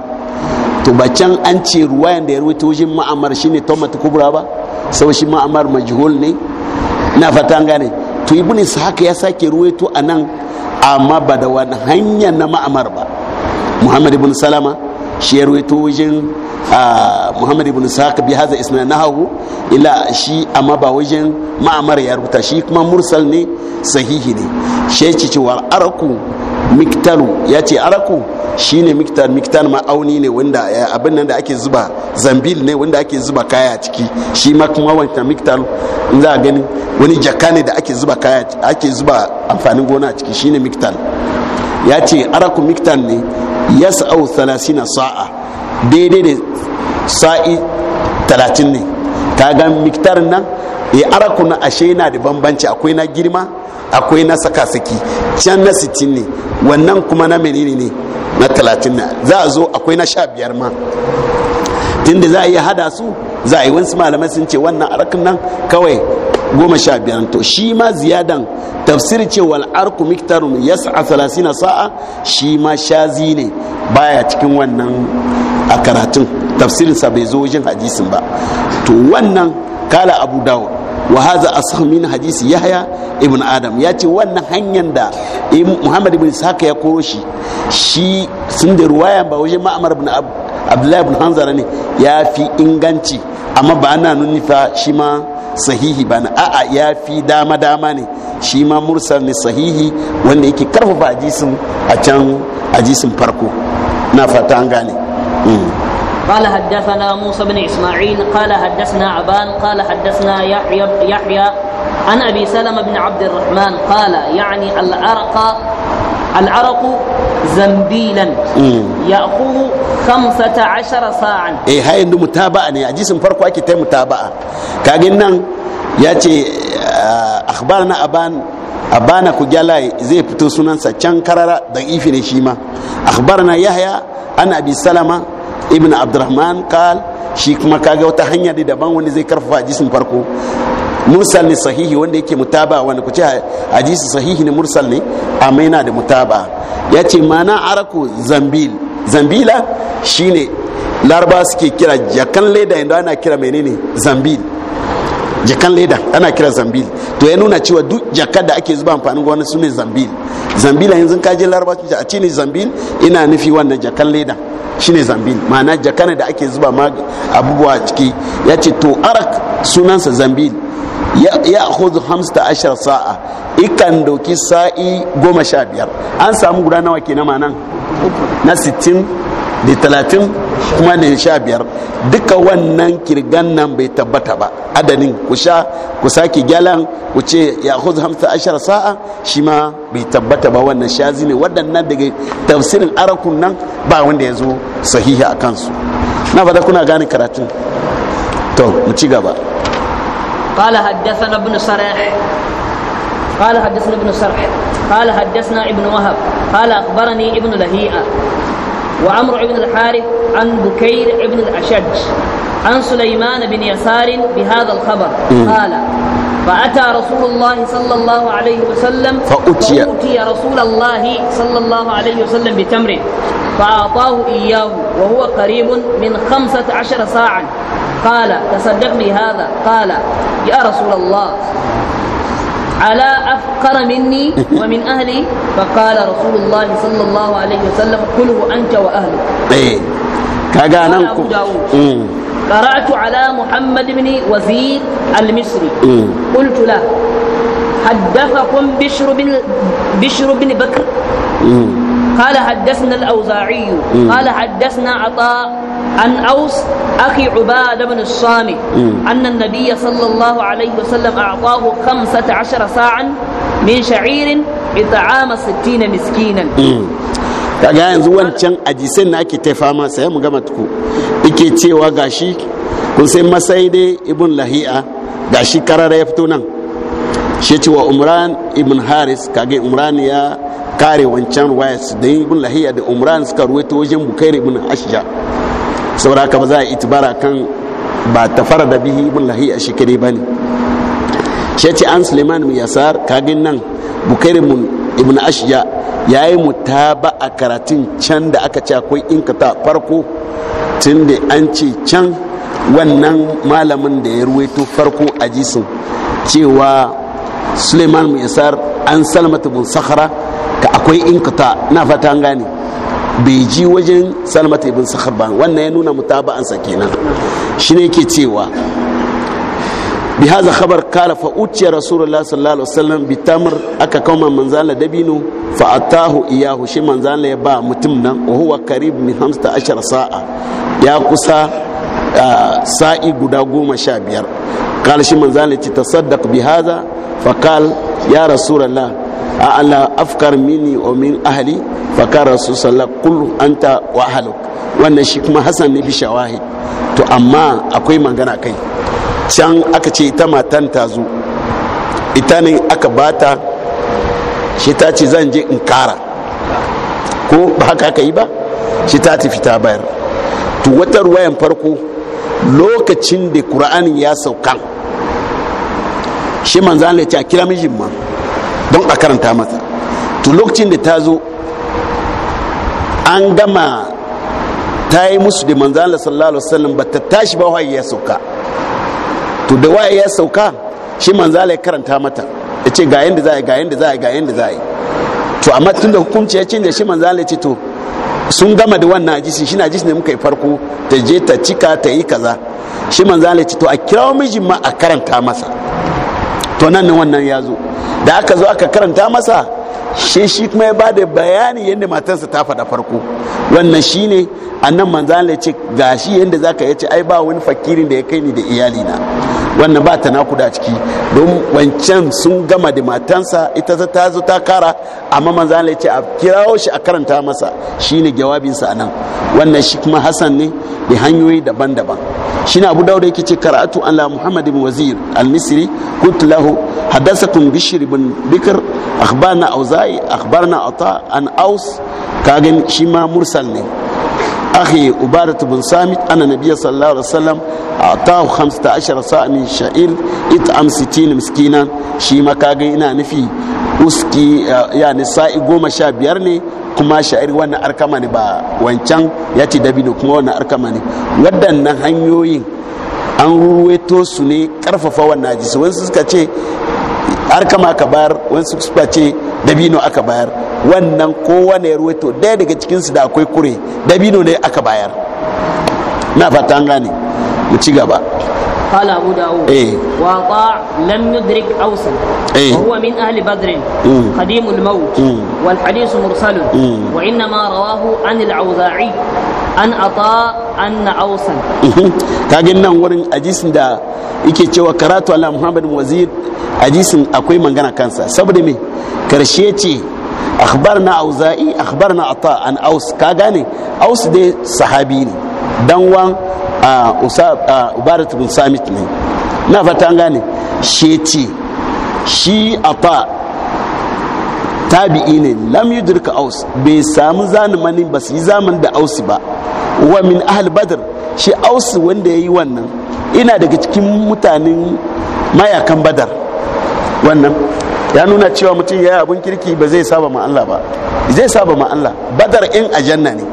to ba can an ce ruwayan da ya ruwaito shi ma'amar shine tomat kubra ba sau shi ma'amar majhul ne na fatan gane to ibn ishaq ya sake ruwaito a nan amma ba da wani hanya na ma'amar ba muhammad ibn salama shi ya ruwaito wajen muhammad ibn ishaq bi haza isna nahahu ila shi amma ba wajen ma'amar ya rubuta shi kuma mursal ne sahihi ne shi ya ci cewa araku miktanu ya ce araku shine miktan miktan ma'auni ne wanda eh, abin nan da ake zuba zambil ne wanda ake zuba kaya ciki shi ma kuma wancan miktan in za a gani wani jaka ne da ake zuba kaya ake zuba amfanin gona ciki shine miktan ya ce araku miktan ne ya sa'au talatin sa'a daidai da sa'i talatin ne ta ga miktar nan e araku na ashe yana da bambanci akwai na girma akwai na sakasaki can na sittin ne wannan kuma na menene ne na talatin na za a zo akwai na sha biyar ma tunda za a iya hada su za a yi wasu malamai sun ce wannan arakin nan kawai goma sha biyar to shi ma ziyadan tafsir ce wal arku miktarun yas'a salasina sa'a shi ma shazi ne baya cikin wannan a karatun tafsirinsa bai zo wajen hadisin ba to wannan kala abu dawud wa haza a min hadisi yahya ibn adam ya ce wannan hanyar da muhammad ibn saka ya koro shi shi sun da ruwaya ba waje ma'amar ibn abdullahi ibn hanzara ne ya fi inganci amma ba ana nuni fa shi ma sahihi ba na a'a ya fi dama dama ne shi ma mursal ne sahihi wanda yake karfafa hadisin a can hadisin farko na fata an gane hmm. قال حدثنا موسى بن اسماعيل قال حدثنا عبان قال حدثنا يحيى يحيى عن ابي سلمة بن عبد الرحمن قال يعني العرق العرق زنبيلا ياخذ خمسة عشر ساعة إيه هاي عنده متابعة يعني جسم فرقه أكيد متابعة كأجنن يأتي أخبارنا أبان a bana ku gyalaye zai fito sunansa can karara da ifi ne shi ma akhbarna yahya an abi salama ibn abdurrahman kal shi kuma kaga wata hanya da daban wanda zai karfafa hadisin farko mursal ne sahihi wanda yake mutaba wanda ku ce hadisi sahihi ne mursal ne amma yana da mutaba ya ce mana arako zambil zambila shine laraba suke kira jakan leda yadda ana kira menene zambil jakan leda ana kira zambil to ya nuna cewa duk jakar da ake zuba amfanin gona su ne zambil zambila yanzu ka je laraba a ce ne zambil ina nufi wannan jakan leda shine zambil ma'ana jakana da ake zuba abubuwa a ciki ya ce to arak sunansa zambil ya hudu hamsta ashar sa'a ikan doki sa'i goma sha biyar an samu guda nawa ke na manan na sittin da talatin kuma da sha biyar duka wannan kirgan nan bai tabbata ba adadin ku sha ku sake gyalan ku ce ya huzu hamsa ashar sa'a shi ma bai tabbata ba wannan sha zine waɗannan daga tafsirin arakun nan ba wanda ya zo sahiha a kansu na fada kuna gane karatun to mu ci gaba قال حدثنا ابن سرح قال حدثنا ابن سرح قال حدثنا ابن وهب قال اخبرني ابن لهيئه وعمر بن الحارث عن بكير بن الأشج عن سليمان بن يسار بهذا الخبر قال فأتى رسول الله صلى الله عليه وسلم فأتي, فأتي رسول الله صلى الله عليه وسلم بتمر فأعطاه إياه وهو قريب من خمسة عشر ساعة قال تصدقني هذا قال يا رسول الله على أف آخر مني ومن أهلي فقال رسول الله صلى الله عليه وسلم كله أنت وأهلك إيه كاغا إيه. قرأت على محمد بن وزير المصري إيه. قلت له حدثكم بشر بن بشر بن بكر إيه. قال حدثنا الأوزاعي قال حدثنا عطاء عن أوس أخي عبادة بن الصامت أن النبي صلى الله عليه وسلم أعطاه خمسة عشر ساعا min sha'irin it'ama 60 miskinan mm. kaga yanzu wancan ajisan na ake ta fama sai mu gama tuku ike cewa gashi kun sai masai dai ibn lahi'a gashi karara ya fito nan shi cewa umran ibn haris kage umran ya kare wancan ruwayas da ibn lahiya da umran suka ruwaito wajen bukairi ibn ashja saboda haka ba za a itibara kan ba ta fara da bihi ibn lahiya shi kare bane shi ce an suleiman mai yasar kagin nan bukari mun ibn Ashiya ya yi mu ba a karatun can da aka ce akwai ta farko tun da an ce can wannan malamin da ya ruwaito farko a jisun cewa suleiman mai yasar an salmata bin sahara ka akwai ta na fata an gane bai ji wajen salmata ibn sahar ba wannan ya nuna mutaba'ansa kenan shi ne ke cewa bi haza khabar kala fa uciya rasulullah sallallahu alaihi wasallam bi tamr aka kama manzala dabino fa atahu iyahu shi manzala ya ba mutum nan wa huwa karib min 15 sa'a ya kusa sa'i guda goma sha biyar kala shi manzala ci tasaddaq bi haza fa kal ya rasulullah a ala afkar mini wa min ahli fa kal rasulullah kullu anta wa ahluk wannan shi kuma hasan ne bi shawahid to amma akwai magana kai can aka ce ita matan ta zo ita ne aka bata shi ta ce zan je in kara ko ba haka aka yi ba shi ta tafi ta bayar to wata ruwayan farko lokacin da kur'ani ya sauka shi manzan ya ce a kira mijin ma don a karanta masa to lokacin da ta zo an gama ta yi musu da manzan Allah sallallahu alaihi wasallam ba ta tashi ba ya sauka to da waye ya sauka shi manzala ya karanta mata ya ce ga yanda za a yi ga yanda za a yi ga yanda za a yi to amma tun da hukunci ya da shi manza ya ce to sun gama da wannan ajisi shi na ne muka yi farko ta je ta cika ta yi kaza shi manza ya ce to a kirawo mijin ma a karanta masa to nan wannan ya zo da aka zo aka karanta masa shi shi kuma ya ba da bayani yadda matarsa ta faɗa farko wannan shi ne annan manzan ya ce gashi yadda za ka ya ce ai ba wani fakirin da ya kai ni da iyalina wannan ba ta nakuda ciki don wancan sun gama da matansa ita ta zo ta kara amma manzo Allah ce a kirawo shi a karanta masa shine jawabinsa anan wannan shi kuma Hassan ne da hanyoyi daban-daban shine Abu Dawud yake ce karatu ala Muhammad ibn Wazir al-Misri kuntu lahu hadathakum Bishr ibn Bikr akhbarna Auza'i na Ata an Aus kagan shi ma mursal ne akhi ubadat bin samit anna nabiyya sallallahu alaihi wasallam atahu 15 sa'a min sha'ir it'am 60 miskinan shi ma kaga ina nufi uski ya ni sa'i goma sha biyar ne kuma sha'ir wannan arkama ne ba wancan ya dabino kuma wannan arkama ne waɗannan hanyoyin an ruweto su ne karfafa wannan hadisi wasu suka ce arkama aka bayar wasu suka ce dabino aka bayar wannan kowane ya ruwaito ɗaya daga cikinsu da akwai kure dabino ne aka bayar na fata an gane mu ci gaba قال أبو داود إيه؟ وطاع لم يدرك أوسا إيه؟ وهو من أهل بدر قديم الموت مم. والحديث مرسل مم. وإنما رواه عن العوزاعي an ata an na ausan mhm. kagin nan wurin ajisin da ike cewa karatu ala Muhammadu wazir ajisin akwai mangana kansa saboda me karshe ce akhbarna auza'i akhbarna ata an aus ka gane aus de sahabi ne dan wan ubaratu bin samit ne na fata gane shi ce shi ata tabi'i ne lam yudrika aus bai samu zamani ba su yi zaman da aus ba wa min ahl badr shi aus wanda yayi wannan ina daga cikin mutanen mayakan badar wannan ya nuna cewa mutum ya yi abin kirki ba zai saba ma Allah ba zai saba ma Allah badar in ajanna ne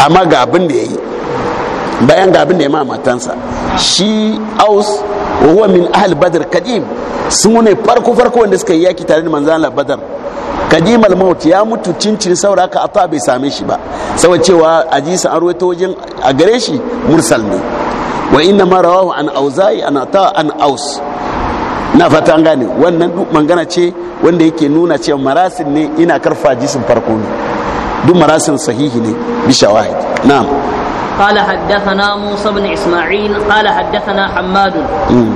amma ga abin da ya yi bayan ga abin da ya ma matansa shi aus wa min ahal badar kadim sun ne farko farko wanda suka yi yaki tare da manzan Allah badar kadim al-maut ya mutu cincin saura a ata bai same shi ba saboda cewa ajisan an ruwaito wajen a gare shi mursal ne wa inna ma rawahu an auza'i an ata an aus na fata an gane wannan duk mangana ce wanda yake nuna cewa marasin ne ina karfa jisin farko ne duk marasin sahihi ne bi shawahid na'am قال حدثنا موسى بن اسماعيل قال حدثنا حماد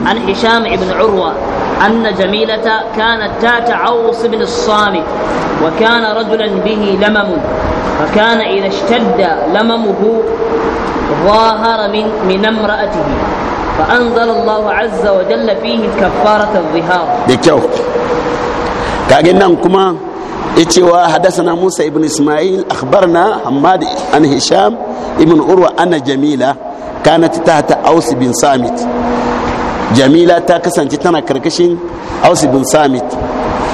عن هشام بن عروه أن جميلة كانت تات عوص بن الصامت وكان رجلا به لمم فكان إذا اشتد لممه ظاهر من, من امرأته فأنزل الله عز وجل فيه كفارة الظهار بكو كأجنا كما إتوا حدثنا موسى بن إسماعيل أخبرنا حماد عن هشام ابن أروى أن جميلة كانت تحت أوس بن صامت jamila ta kasance tana karkashin ausi bin samit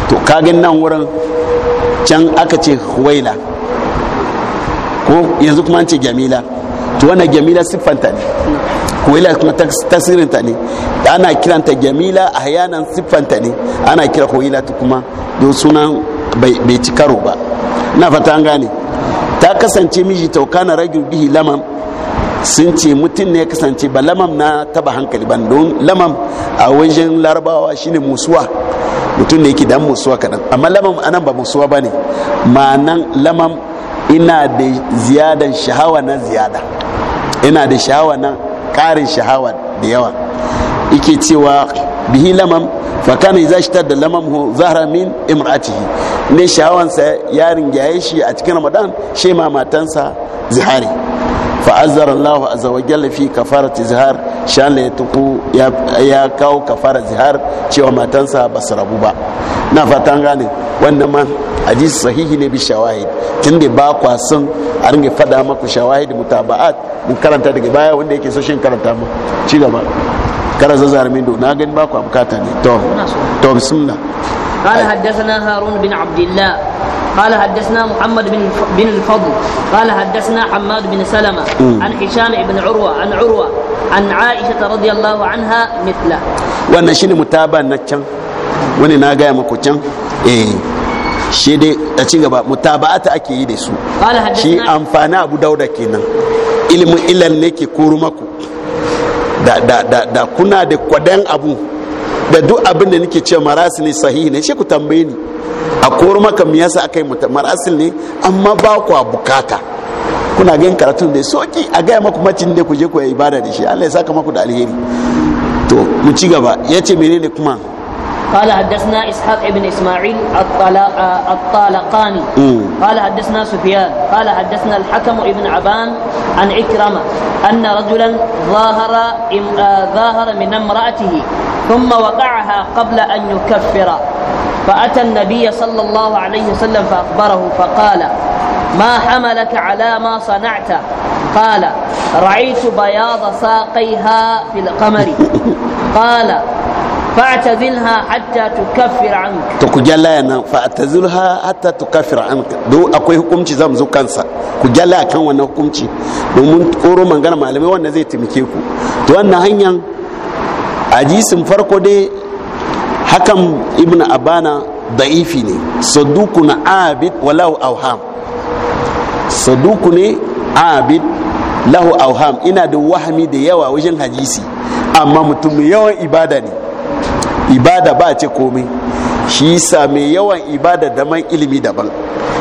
to kagin nan wurin can aka ce huwaila ko yanzu kuma an ce jamila to wannan jamila siffanta ne huwaila kuma tasirinta ne ana kiranta jamila a hayanan siffanta ne ana kira huwaila ta kuma don sunan bai ci karo ba na fata an gane ta kasance miji kana ragin bihi laman sun ce mutum ne ya kasance ba lamam na taba hankali ban don lamam a wajen larabawa shine musuwa mutum ne yake dan musuwa kadan amma lamam anan ba musuwa ba ne ma'anan lamam ina da ziyadan shahawa na ziyada ina da shahawa na karin shahawa da yawa yake cewa bihi lamam fa kana idza lamam hu zahra min imra'atihi ne shahawansa ya ringaye shi a cikin ramadan shema matansa zihari fa'azar Allah azza wa jalla fi kafara zihar shan la tuku ya kawo kafara zihar cewa matansa ba su rabu ba na fatan gane wannan ma hadis sahihi ne bi shawahid tun da ba kwa sun a ringa fada maku shawahid mutaba'at mu karanta daga baya wanda yake so shin karanta mu ci gaba kara zazzarmin do na gani ba kwa bukata ne to to bismillah قال حدثنا هارون بن عبد الله قال حدثنا محمد بن بن الفضل قال حدثنا حماد بن سلمة عن هشام بن عروة عن عروة عن عائشة رضي الله عنها مثله wannan shine mutaba na can wani na gaya maku can eh shi dai a ci gaba mutaba'ata ake yi da su shi amfani abu dauda kenan ilimin ilal ne ke koro maku da kuna da kwadan abu da duk abin da nake cewa marasil ne sahihi ne shi ku tambaye ni a kowar maka me yasa aka yi marasil ne amma ba ku bukata kuna gani karatun da soki a gaya maku macin da ku je ku yi ibada da shi Allah ya saka maku da alheri to mu ci gaba ya ne menene kuma قال حدثنا إسحاق بن إسماعيل الطالقاني قال حدثنا سفيان قال حدثنا الحكم بن عبان عن إكرمة أن رجلا ظاهر ظاهر من امرأته ثم وقعها قبل أن يكفر فأتى النبي صلى الله عليه وسلم فأخبره فقال ما حملك على ما صنعت قال رأيت بياض ساقيها في القمر قال fa'tazilha hatta tukaffir anka to ku gyalla yana fa'tazilha hatta tukaffir anka do akwai hukunci zan zo kansa ku jalla kan wannan hukunci domin koro mangana malamai wanda zai taimake ku to wannan hanyar hadisin farko dai hakan ibnu abana da'ifi ne saduku na abid walau auham saduku ne abid lahu auham ina da wahami da yawa wajen hadisi amma mutum yawan ibada ne ibada ba ce komai shi sa mai yawan ibada daban ilimi daban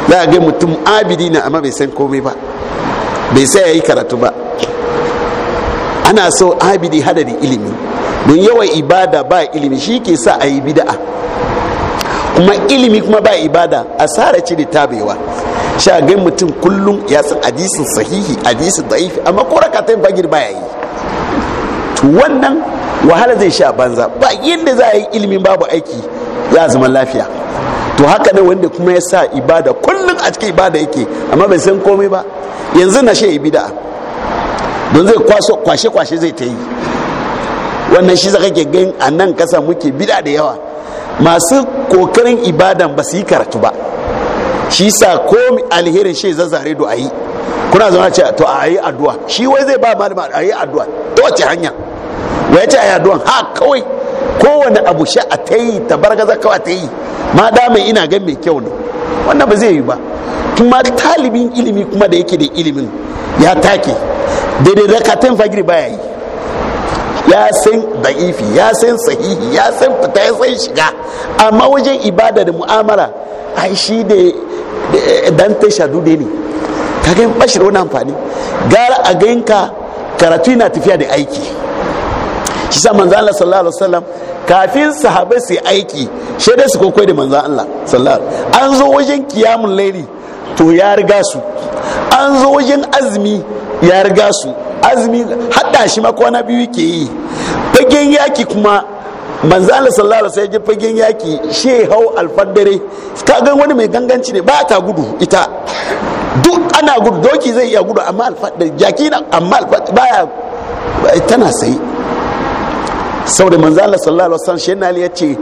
za a ga mutum abidi na amma bai san komai ba bai sai ya yi karatu ba ana so abidi hada ilimi don yawan ibada ba ilimi shi ke sa a yi bida'a kuma ilimi kuma ba ibada asara ce da tabewa sha ga mutum kullum ya san hadisin sahihi hadisin da'ifi amma ko raka ta ba ya yi wannan wahala zai sha banza ba yadda za a yi ilimin babu aiki za a zama lafiya to haka ne wanda kuma ya sa ibada kullum a cikin ibada yake amma bai san komai ba yanzu na shi ibida don zai kwashe kwashe zai ta yi wannan shi zaka ke gan a nan kasa muke bida da yawa masu kokarin ibadan ba su yi karatu ba shi sa ko alherin shi zazzare do a yi kuna zama ce to a yi addu'a shi wai zai ba malama a yi addu'a ta wace hanya wa ya ce a yaduwan ha kawai kowane abu sha a ta yi gaza kawai ta yi ma dama ina gan mai kyau ne wannan ba zai yi ba kuma talibin ilimi kuma da yake da ilimin ya take daidai da katon fagiri baya yi ya san da'ifi ya san sahihi ya san fita ya san shiga amma wajen ibada da mu'amala ai shi da dan ta da ne ka ga bashir wani amfani gara a ganka karatu na tafiya da aiki shi sa manzo Allah sallallahu alaihi wasallam kafin sahabai su aiki shi dai su kokoi da manzo Allah sallallahu an zo wajen kiyamun laili to ya riga su an zo wajen azumi ya riga su azumi hadda shi ma kwana biyu ke yi fagen yaki kuma manzo Allah sallallahu alaihi wasallam fagen yaki she hau alfaddare ka ga wani mai ganganci ne ba ta gudu ita duk ana gudu doki zai iya gudu amma alfaddare jaki na amma alfaddare baya tana sai saboda manzo Allah sallallahu alaihi wasallam shehin Ali yace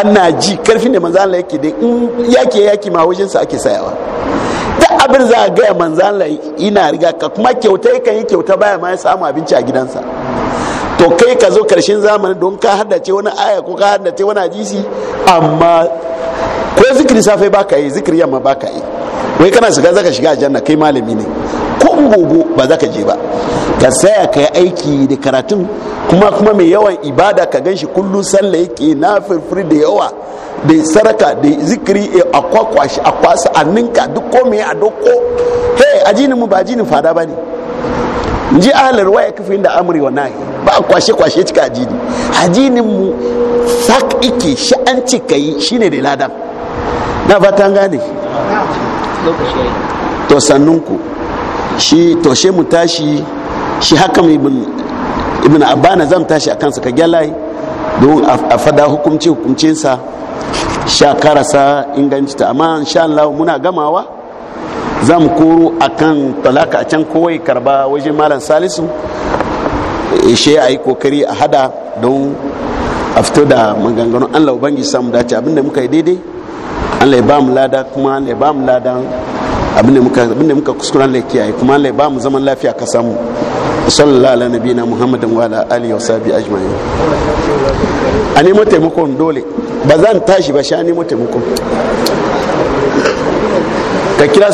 ana ji karfin da manzo Allah yake da in yake yaki ma wajen sa ake sayawa duk abin za a gaya manzo Allah ina riga ka kuma kyautai kan yi kyauta baya ma ya samu abinci a gidansa to kai ka zo karshen zamanin don ka haddace wani aya ko ka haddace wani hadisi amma ko zikiri safe baka yi zikiri yamma baka yi wai kana shiga zaka shiga aljanna kai malami ne ko gogo ba za ka je ba ka saya ka yi aiki da karatun kuma kuma mai yawan ibada ka gan shi kullum salla yake na firfiri da yawa da saraka da zikiri eh, a kwakwashi a kwasa a ninka duk ko a doko he jini mu ba jini fada ba ne ji ahalar waya kafin da amuri wa nahi ba a kwashe kwashe cika a jini mu sak ike sha'anci ka yi shine da ladan na fatan gane to sannunku shi toshe mu tashi shi haka mai ibn abana zan tashi a kansa ka gyalai don a fada hukumci hukumcinsa sha karasa inganci ta amma insha Allah muna gamawa zan koro akan talaka a can kowai karba wajen malam salisu ishe eh, a yi kokari a hada don a fito da maganganun Allah ubangi samu dace abinda muka yi daidai Allah ya ba mu lada kuma Allah ya ba mu ladan abinda muka muka kuskura Allah kiyaye kuma Allah ba mu zaman lafiya ka samu sallallahu ala nabiyina muhammadin wa ala alihi wa sahbihi ajma'in a nemo taimakon dole ba zan tashi ba sha nemo taimakon ka kira